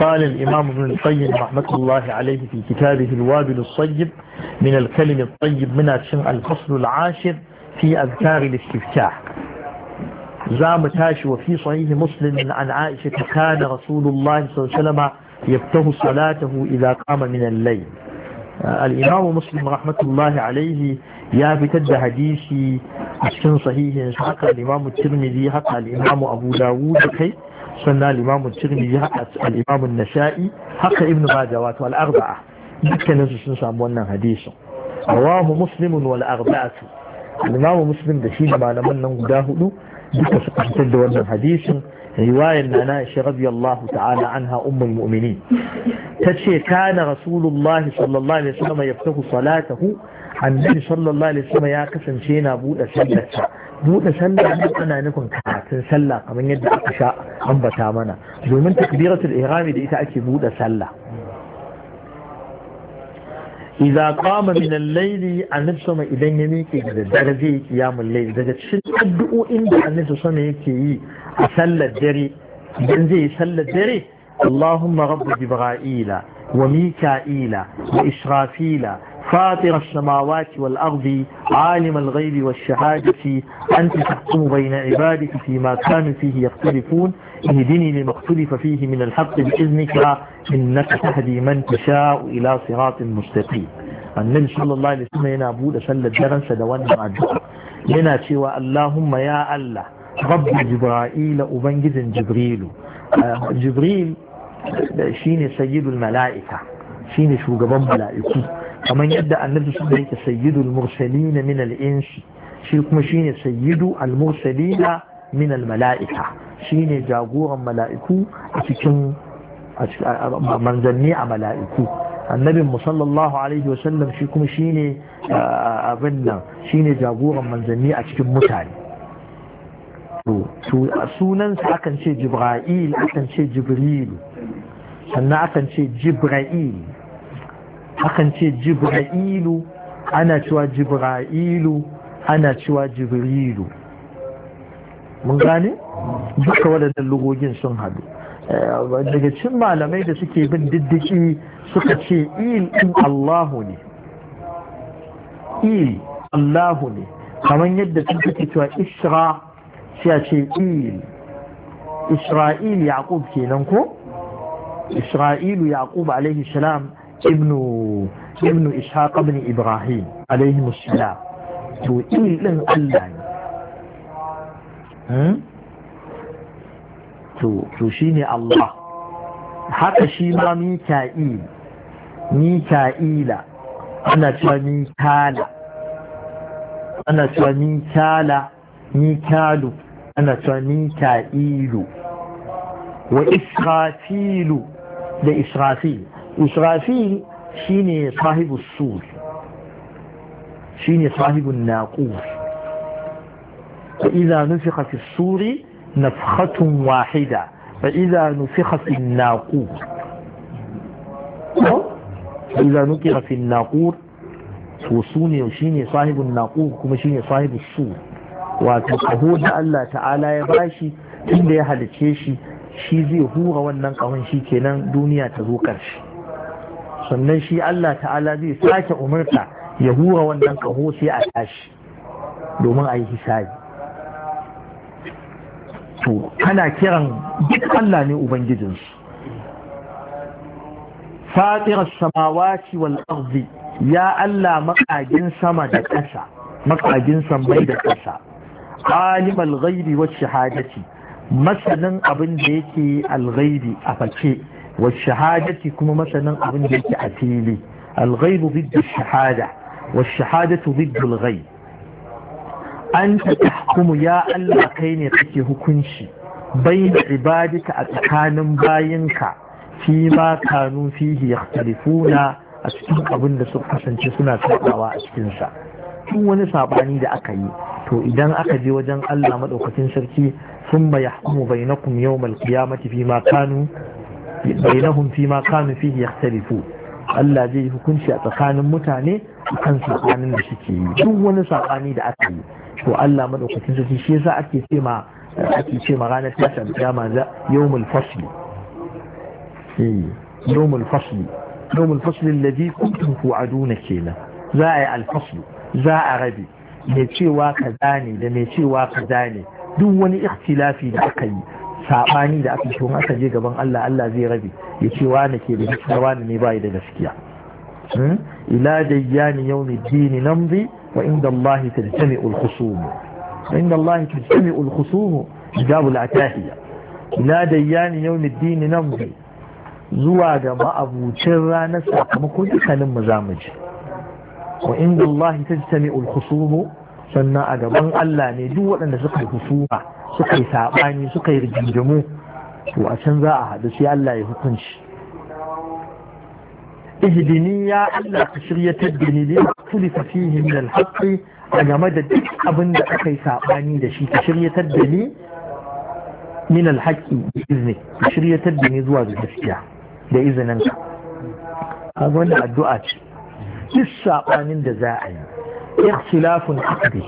قال الإمام ابن القيم رحمة الله عليه في كتابه الوابل الصيب من الكلم الطيب من الفصل العاشر في أذكار الاستفتاح زام تاش وفي صحيح مسلم عن عائشة كان رسول الله صلى الله عليه وسلم يبته صلاته إذا قام من الليل الإمام مسلم رحمة الله عليه يا بتد حديثي كان صحيح حق الإمام الترمذي حق الإمام أبو داود كي sannan limamun tirmi ya haɗa al'imamun nasha'i haka ibn maja wato al'arba'a dukkaninsu sun samu wannan hadisin rawahu muslimun wal arba'atu al da shi da malaman nan guda hudu duka suka fitar da wannan hadisin riwayar na na'isha radiyallahu ta'ala anha ummul mu'minin tace kana rasulullah sallallahu alaihi wasallam yaftahu salatahu annabi sallallahu alaihi wasallam ya kasance yana buɗe sallarsa buɗe sallah duk ana nufin karatun sallah kamar yadda aka sha ambata mana domin takbiratul ihrami da ita ake buɗe sallah idza qama min al-layli annabi sama idan ya miƙe da daddare zai yi qiyamul layl daga cikin addu'o'in da annabi sama yake yi a sallar dare idan zai yi sallar dare Allahuma rabb jibra'ila wa mika'ila wa israfila فاطر السماوات والأرض عالم الغيب والشهادة أنت تحكم بين عبادك فيما كانوا فيه يختلفون اهدني لما اختلف فيه من الحق بإذنك إنك تهدي من تشاء إلى صراط مستقيم النبي صلى الله عليه وسلم ينا أبو لسل الدرن سدوان مع ينا سوى اللهم يا الله رب جبرائيل أبنجز جبريل آه، جبريل شين سيد الملائكة شين شو قبان ملائكة kamar yadda annabi su da yake sayyidul mursalina min al-insi shi kuma shine sayyidu al-mursalina min al-mala'ika shine jagoran mala'iku a cikin manzanni a mala'iku annabin mu sallallahu alaihi wasallam shi kuma shine abin nan shine jagoran manzanni a cikin mutane to sunansa akan ce jibra'il akan ce jibril sannan akan ce jibra'il akan ce jibra'ilu ana cewa jibra'ilu ana cewa jibrilu mun gane duka waɗannan lugogin sun haɗu eh, daga cin malamai da suke bin diddiki suka ce il in Allahu ne il Allahu ne kamar yadda sun suke cewa isra shi a ce il isra'il yaqub kenan ko isra'ilu yaqub alaihi salam ibnu ibnu ishaq ibn ibrahim alaihi musallam to in din Allah ne hmm? to to shine Allah haka shi ma mika'il mika'ila ana cewa mikala ana cewa mikala mikalu ana cewa mika'ilu wa israfilu da israfil israfil shine sahibu sur naqur fa idza nufikha fi suri wahida fi fi to shine sahibin naqur kuma shine sahibu wato kaho da Allah ta'ala ya bashi inda ya halice shi shi zai hura wannan kahon shi kenan duniya ta zo ƙarshe sannan shi Allah ta'ala zai sake umarta ya hura wannan kaho sai a tashi domin a yi hisabi to kana kiran duk Allah ne ubangijinsu fatirar samawaci wal arzi ya Allah makagin sama da ƙasa makagin bai da ƙasa alimal ghaibi wa shahadati masanin abin da yake alghaibi a fake wa shahadati kuma masanin abin da yake a fili al-ghaibu bidda shahada wa shahadatu bidda al-ghaib anta tahkumu ya Allah ne kake hukunci bayna ibadika a tsakanin bayinka fi ma kanu fihi yakhtalifuna a cikin abin da kasance suna sabawa a cikinsa tun wani sabani da aka yi to idan aka je wajen Allah maɗaukacin sarki sun ma yahkumu bainakum yawmal qiyamati fi ma kanu bainahum fi ma kanu fihi tarifu Allah zai yi hukunci a tsakanin mutane kan tsakanin da suke yi duk wani sabani da aka yi to Allah madaukakin sarki shi yasa ake ce ma ake ce ma ranar tashin alƙiyama za yawmul fasl eh, yawmul fasl yawmul fasl alladhi kuntum tu'aduna kenan za a yi alfasl za a rabi mai cewa kaza ne da mai cewa kaza ne duk wani ikhtilafi da aka yi saɓani da aka tun aka je gaban Allah Allah zai rabe ya ce wani ke da gaskiya wani ne bai da gaskiya hmm? ila dajjani yawmi dini namdi wa inda Allah tajtami'u al-khusum inda Allah tajtami'u al-khusum jawab al-atahiya ila dajjani yawmi dini namdi zuwa ga ma'abucin ranar sakamakon dukkanin mu zamu ji wa inda Allah tajtami'u al-khusum sannan a gaban Allah ne duk waɗanda suka yi husuma suka yi saɓani suka yi rigingimu to a can za a haɗu sai Allah ya hukunci ihdini ya Allah ka shiryatar da ni lima tulifa fasihin da alhaqi a game da duk abin da aka yi saɓani da shi ka shirya da min alhaqi da izni ka shirya da zuwa ga gaskiya da izininka kaga wani addu'a ce duk saɓanin da za a yi ikhtilafun aqdi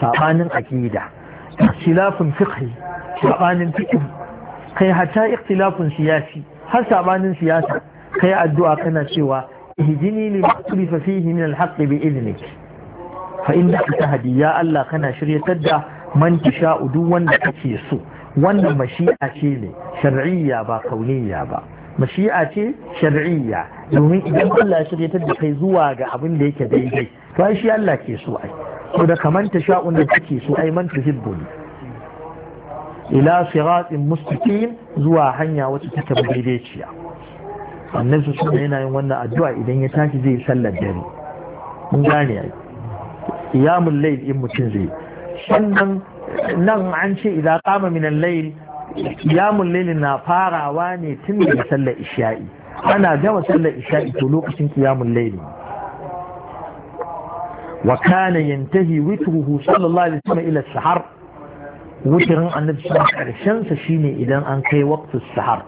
sabanin aqida ikhtilafun fiqhi sabanin fiqhi kai hatta ikhtilafun siyasi har sabanin siyasa kai addu'a kana cewa ihdini li ma'tulifa fihi min al-haqq bi idnik fa innaka tahdi ya Allah kana shiryatar da man tasha'u duk wanda kake so wannan mashi'a ce ne shar'iyya ba kauniyya ba mashi'a ce shar'iyya domin idan Allah ya shirya da kai zuwa ga abin da yake daidai to ai shi Allah ke so ai to da kaman ta sha'un da kake so ai man tuhibbu ila siratin mustaqim zuwa hanya wacce take daidaiciya annabi su yana yin wannan addu'a idan ya tashi zai sallar dare mun gane ai qiyamul layl in mutun zai sannan nan an ce idan qama min al-layl kiyamun laili na farawa ne tun daga sallar isha'i ana gama sallar isha'i to lokacin kiyamun laili wa kana yantahi witruhu sallallahu alaihi wasallam ila sahar wutirin annabi sallallahu alaihi karshen sa shine idan an kai waqtus sahar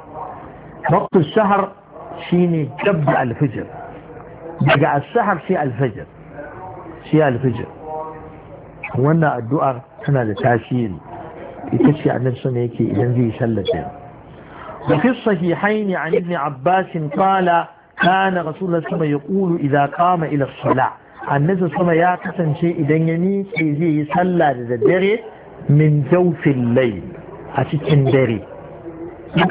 waqtus sahar shine gabda alfijir daga as-sahar sai alfijir sai alfijir wannan addu'ar tana da tasiri ita ce annabi sun yake idan zai da وفي الصحيحين عن ابن عباس قال كان رسول الله صلى الله عليه وسلم يقول إذا قام إلى الصلاة النبي صلى الله عليه وسلم شيء إذا يمي زي صلى الدري من جوف الليل أتكن دري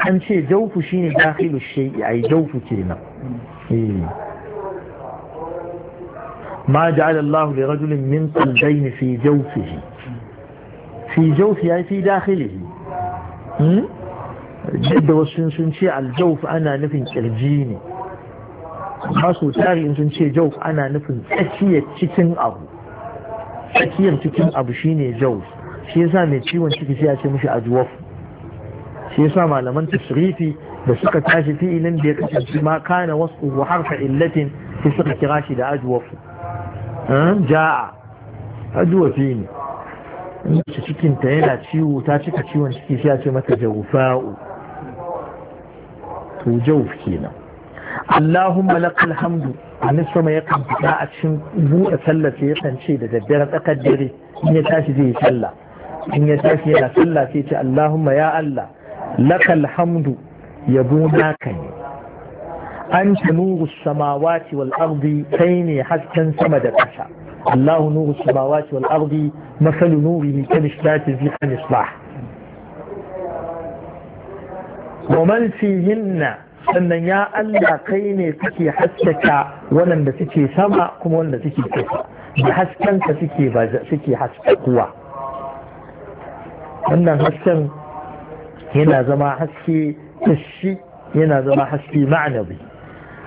أن شيء جوف شيء داخل الشيء أي جوف كلمة إيه. ما جعل الله لرجل من قلبين في جوفه fi ya fi dakhilihi da wasu sun ce aljawf ana nufin kirji ne Masu su tari sun ce jawf ana nufin tsakiyar cikin abu tsakiyar cikin abu shine jawf shi yasa mai ciwon ciki sai ya ce mishi ajwaf shi yasa malaman tasrifi da suka tashi fi'ilin da ya kasance ma kana wasu harfa illatin sai suka kira shi da ajwaf ja'a ajwafi ne mace cikinta yana ciwo ta cika ciwon ciki sai a ce mata jawfa'u to jawf kenan Allahumma lakal hamdu annabi sama yakan fita a cikin buɗe sallah sai ya kance da daddare tsakar dare in ya tashi zai yi sallah in ya tashi yana sallah sai ce Allahumma ya Allah lakal hamdu yabo naka ne anta nuru samawati wal ardi kai ne hasken sama da ƙasa الله نور السماوات والأرض مثل نوره كمشتات في المصباح ومن فيهن ان يا ألا قين تكي حسك ولم تكي سما كم ولم تكي كفا بحسكا تكي بازا تكي حسك قوة أن حسكا هنا زما حسكي تشي هنا زما حسكي معنوي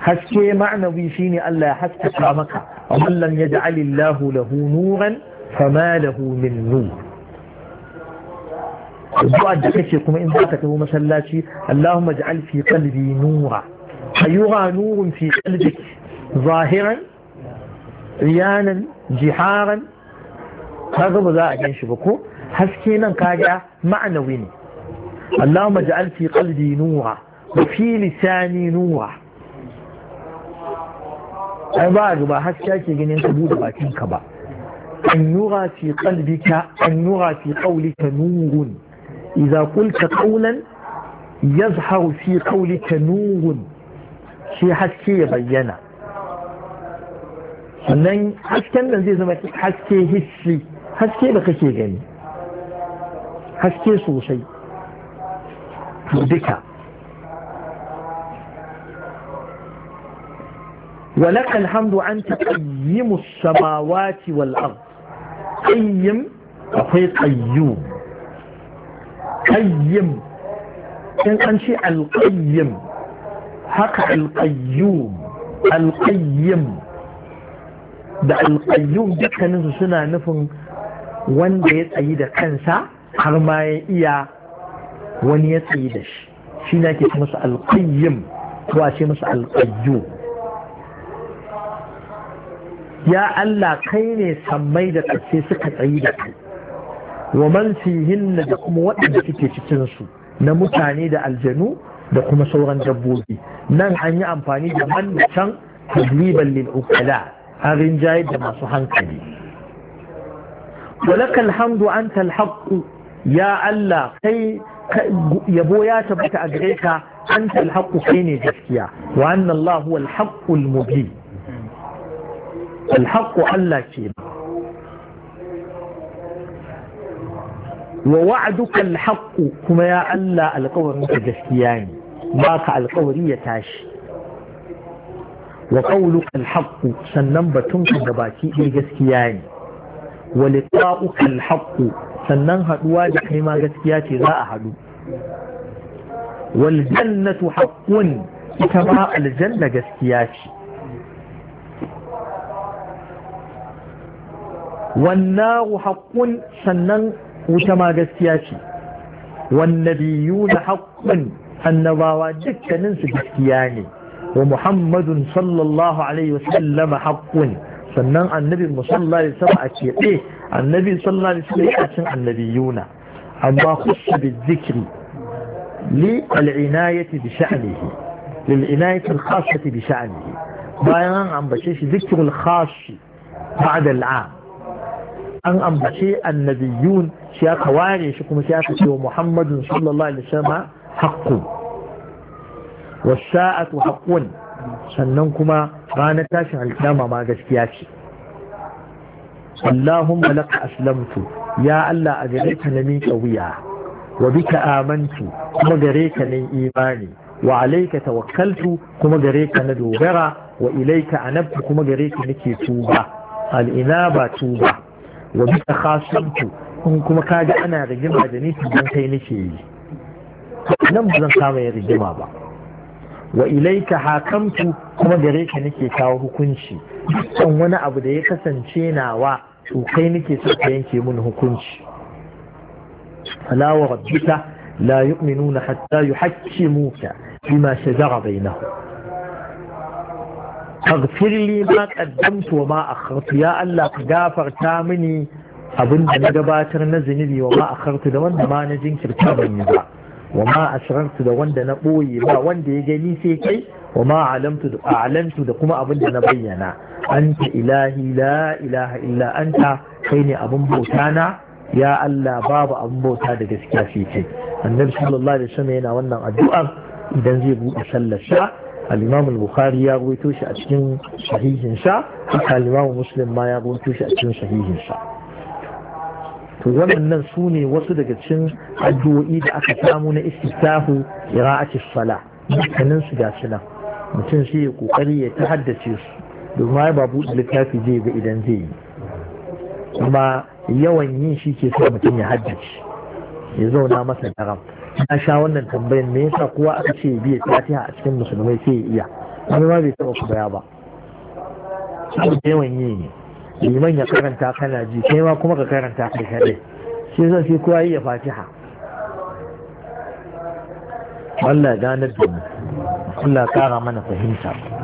haske ma'anawi shine Allah ya haskaka maka amma lam yaj'al Allahu lahu nuran fama lahu min nur da kake kuma in zaka tafi masallaci Allahumma ij'al fi kalbi nura ayyuha nurun fi kalbi zahiran riyanan jiharan kaga ba za a gan shi ba ko haske nan kaga ma'anawi ne Allahumma ij'al fi kalbi nura wa fi lisani nura ai ba ba haske ake ganin ka bude bakin ka ba an nura fi qalbika an nura fi qawlika nurun idza qulta qawlan yazharu fi qawlika nurun shi haske ya bayyana sannan hasken nan zai zama haske hissi haske da kake gani haske sosai duka ولك الحمد أنت قيم السماوات والأرض قيم أخي قيوم قيم أنشي القيم حق القيوم القيم ده القيوم ده كان سنة نفن وان بيت أيدا كنسا حرماي إيا وان يتعيدش شيناك يسمس القيم واشي مس القيوم ya Allah kai ne sammai da ƙarshe suka tsayi da kai wa man fihinna da kuma waɗanda suke cikin su na mutane da aljanu da kuma sauran dabbobi nan an yi amfani da man da can tajriban lil ukala an rinjaye da masu hankali walaka alhamdu anta alhaqu ya Allah kai yabo ya tabbata a gare ka anta alhaqu kai ne gaskiya wa anna Allah huwa alhaqul alhaqqu Allah ke wa wa'duka alhaqqu kuma ya Allah alƙawarin ka gaskiya ne baka ka ya tashi wa qawluka alhaqqu sannan batunka da baki ɗaya gaskiya ne wa liqa'uka alhaqqu sannan haɗuwa da kai gaskiya ce za a haɗu wal jannatu haqqun ita ba aljanna gaskiya ce والنار حق سنن وشما قسياتي والنبيون حق النباوة جكا ننس قسياني ومحمد صلى الله عليه وسلم حق سنن النبي صلى الله عليه وسلم أكيئه النبي صلى الله عليه وسلم أكيئ النبيون أما خص بالذكر للعناية بشأنه للعناية الخاصة بشأنه بايان عم بشيش ذكر الخاص بعد العام an ambace annabiyun shi aka ware shi kuma shi aka ce wa muhammadun sallallahu alaihi wasallam haqqu was-sa'atu haqqun sannan kuma ranar tashin alkiyama ma gaskiya ce Allahumma laka aslamtu ya Allah a gare ka na miƙa wuya wa bika amantu kuma gare ka ne imani wa alaika tawakkaltu kuma gare ka na dogara wa ilaika anabtu kuma gare ka nake tuba al'ina ba tuba wa bi takhasamtu in kuma kaji ana rigima da ni don kai nake yi nan ba zan kama ya rigima ba wa ilaika hakamtu kuma gare ka nake kawo hukunci dukkan wani abu da ya kasance nawa to kai nake so ka yanke mun hukunci fala wa rabbika la yu'minuna hatta yuhaqqimuka bima shajara bainahum faghfir ma qaddamtu wa ma akhartu ya Allah ka gafarta mini abin da na gabatar na zunubi wa ma akhartu da wanda ma na jinkirta ban yi ba wa ma asrartu da wanda na ɓoye ba wanda ya gani sai kai wa ma alamtu da alamtu da kuma abin da na bayyana anta ilahi la ilaha illa anta kai ne abin bauta na ya Allah babu abin bauta da gaskiya sai kai annabi sallallahu alaihi wasallam yana wannan addu'a idan zai buɗe sallar sa al-imam al-bukhari ya rawaito shi a cikin sahihinsa, sa al-imam muslim ya rawaito shi a cikin sahihin to waɗannan su ne wasu daga cikin addu'o'i da aka samu na istitahu qira'atis sala dukkanin su ga nan mutum sai ya kokari ya ta haddace su domin ba buɗe littafi zai ba idan zai yi kuma yawan yin shi ke sa mutum ya haddace ya zauna masa daram na sha wannan tambayar me yasa kowa aka ce biya fatiha a cikin musulmai sai ya iya wani ma bai taba baya ba saboda yawan yi ne liman ya karanta kana ji kai ma kuma ka karanta kai kadai sai sai kowa iya fatiha Allah ganar da mu Allah kara mana fahimta